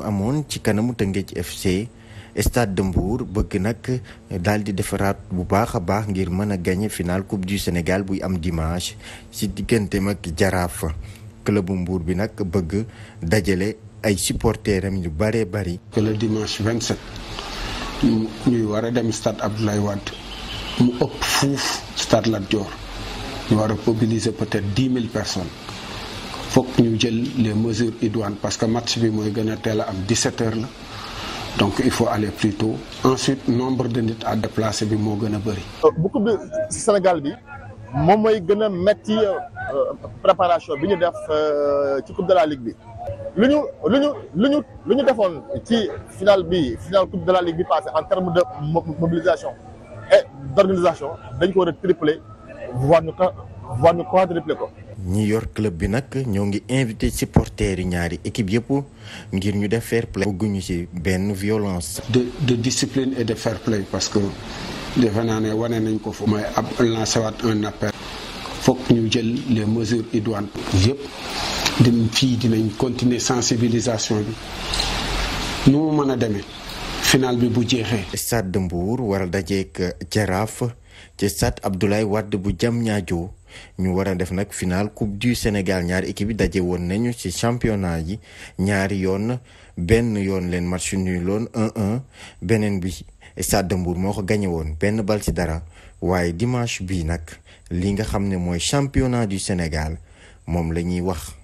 mu amoon ci kanamu Teungueth FC stade de Mbour bëgg nag daal di defaraat bu baax a baax ngir mën a gagné finaal coupe du Sénégal buy am dimanche ci digganteem ak Jaraaf club mbuur bi nag bëgg dajale ay supporters yu bëree bari que le dimanche 27 war a dem stade Abdoulaye Wade mu ëpp fuuf stade Lat Dior ñu war a mobiliser peut-être dix mille personnes. foog ñu jël les mesures idoines parce que match bi mooy gën a teel a am 17 heures la donc il faut aller plus tôt ensuite nombre de nit à déplacer bi moo gën a bëri. bu ko bi Sénégal bi moom mooy gën a metti euh, préparation bi ñu def euh, ci coupe de la ligue bi lu ñu lu ñu lu ñu lu ñu defoon ci final bi final coupe de la ligue bi passé en terme de mobilisation et d' dañ ko war a tripler voire ñu voire ko. ñi yor club bi nag ñoo ngi invité supporters yi ñaari équipe yëpp ngir ñu def fair play bëgguñu ci benn violence. de de discipline et de fair play parce que defe naa ne wane nañ ko fu mooy ab lancé waat un appel. foog ñu jël les mesures idoines. yëpp dem fii dinañ continuer sensibilisation bi nu mu mën a deme final bi bu jeexee. stade de Mbour war a dajeek Jaraaf ci stade Abdoulaye Wade bu jam ñaajo ñu war a def nag final coupe du Sénégal ñaari équipe yi daje woon nañu ci championnat yi ñaari yoon benn yoon leen match nul loon 1-1 beneen bi Stade Mbour moo ko gañe woon benn bal ci dara waaye dimanche bii nag li nga xam ne mooy championnat du Sénégal moom la ñuy wax.